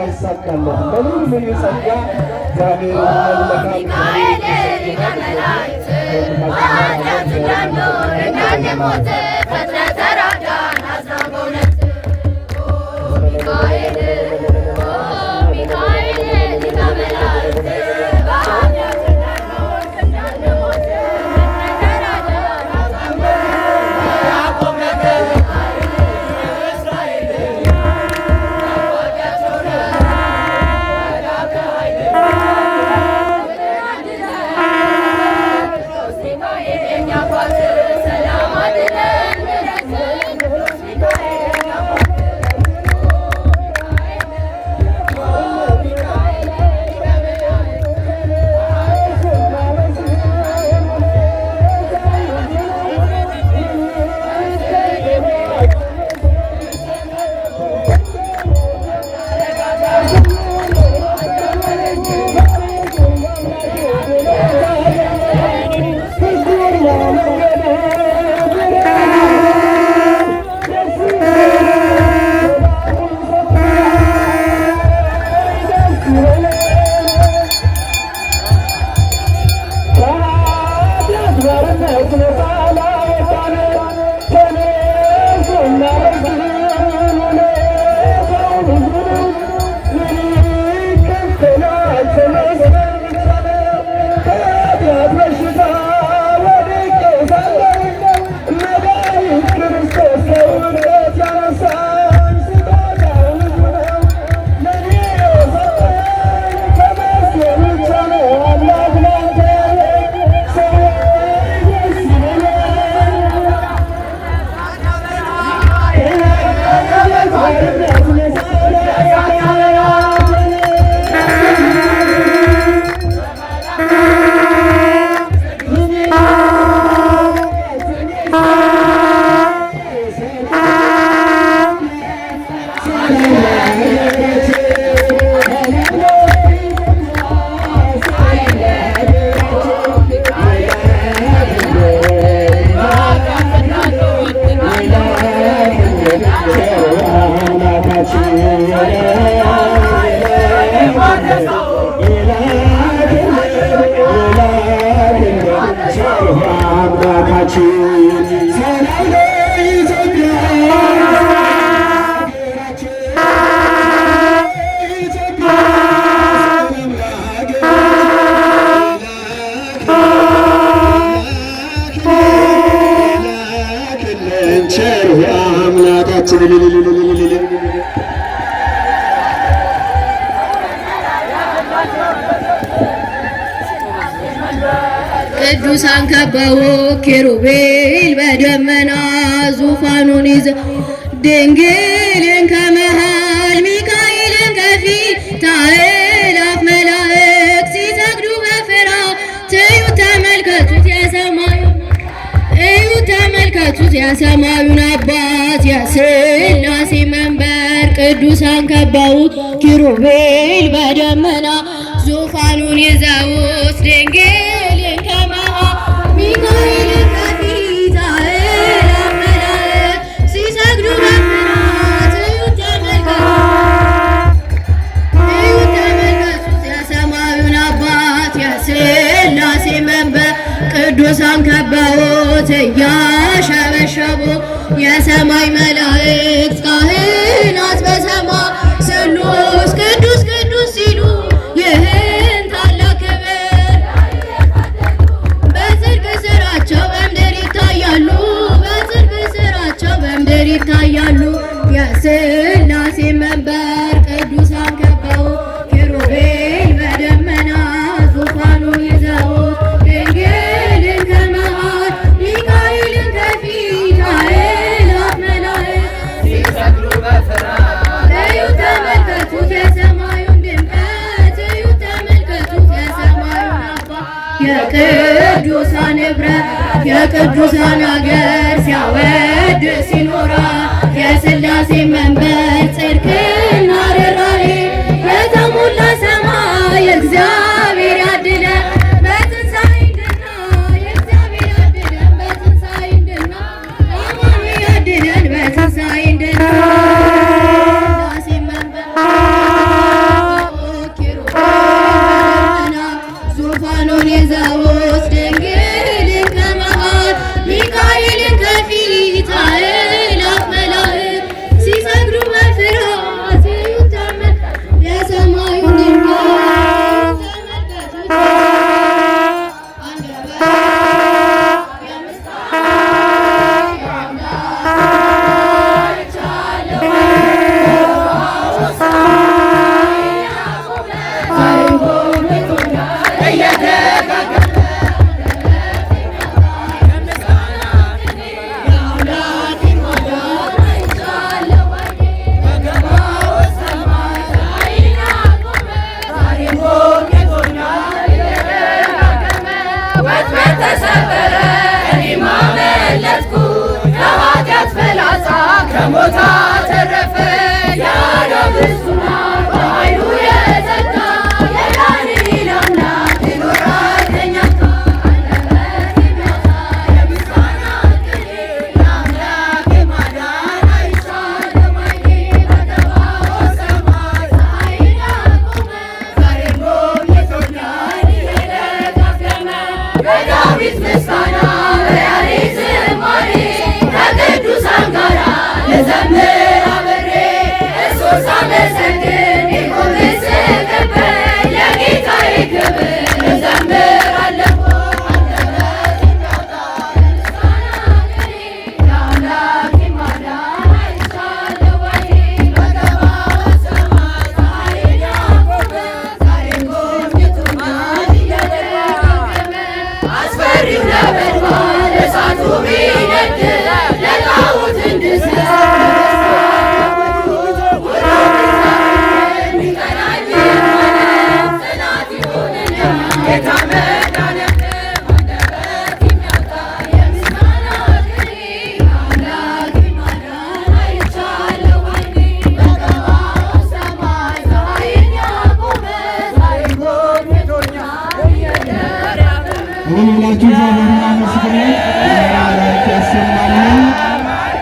አይሳካለት በልዩ ልዩ ጸጋ እግዚአብሔር I'm not Ram Ram Ram ቅዱሳን ከበው ኪሩቤል በደመና ዙፋኑን ይዘ ድንግልን ከመሃል ሚካኤልን ከፊት አእላፍ መላእክት ሲሰግዱ በፍርሃት እዩ ተመልከቱት ያሰማዩን እዩ ተመልከቱት ያሰማዩን አባ ሰማያት የሥላሴ መንበር ቅዱሳን ከበውት ኪሩቤል በደመና ዙፋኑን ይዘውት ድንግልን ከመሃ ሚካኤል ቅዱሳን ከበውት እያ Say. የቅዱሳን ህብረት የቅዱሳን አገር ሲያወድስ ሲኖራ የስላሴ መንበር ጽድቅና እግዚአብሔርን አመስግነን ያሰማልን።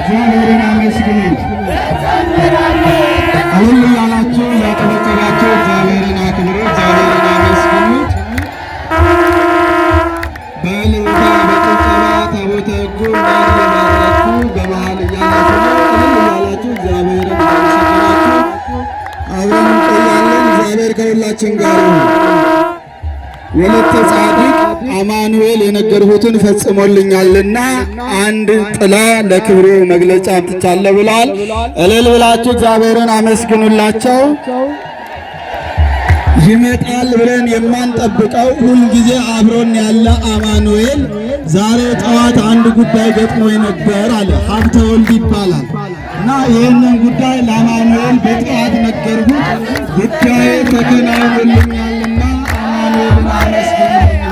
እግዚአብሔርን አመስግነን አሁን ያላችሁ ያጠበቀባቸው እግዚአብሔርን አክብሩ፣ እግዚአብሔርን አመስግኑት። በእልልታ በጭብጨባ ታቦተ ሕጉ እያባረኩ በመሃል እያላችሁ እግዚአብሔርን አመሰግናችሁ አብረን እንቆያለን። እግዚአብሔር ከሁላችን ጋር ወለተ ጻድቅ አማኑኤል የነገርሁትን ፈጽሞልኛልና አንድ ጥላ ለክብሩ መግለጫ አምጥቻለሁ ብለዋል። እልል ብላችሁ እግዚአብሔርን አመስግኑላቸው። ይመጣል ብለን የማንጠብቀው ሁልጊዜ አብሮን ያለ አማኑኤል ዛሬ ጠዋት አንድ ጉዳይ ገጥሞ ነበር አለ። ሀብተ ወልድ ይባላል እና ይህንን ጉዳይ ለአማኑኤል በጠዋት ነገርሁት። ጉዳዬ ተከናውኖልኛልና አማኑኤልን አመስግኑ።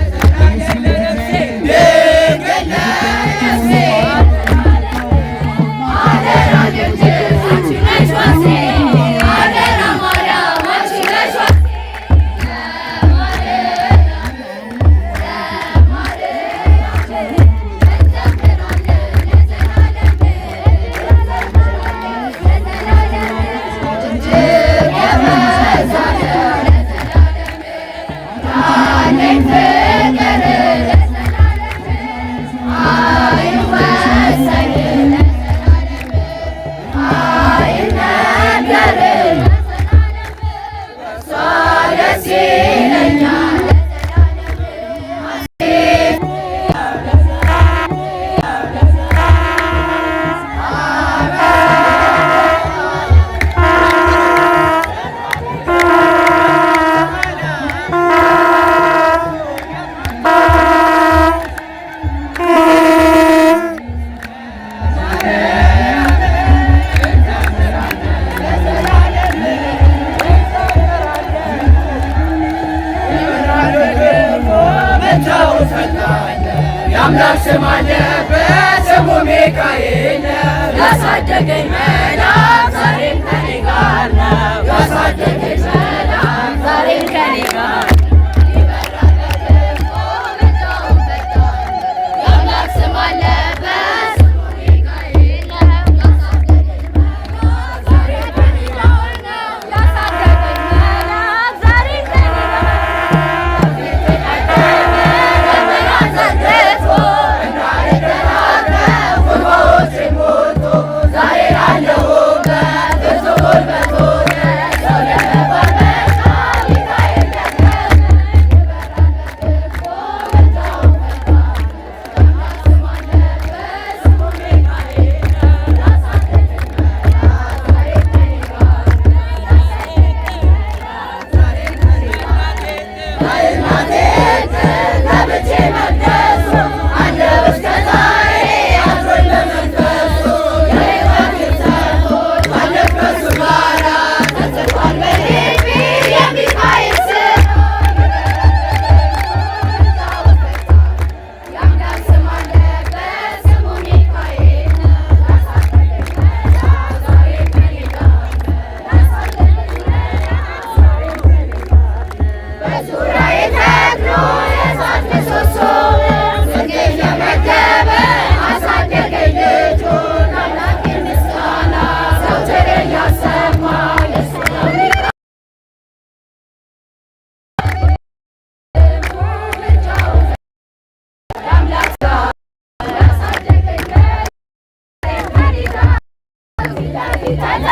¡Vamos!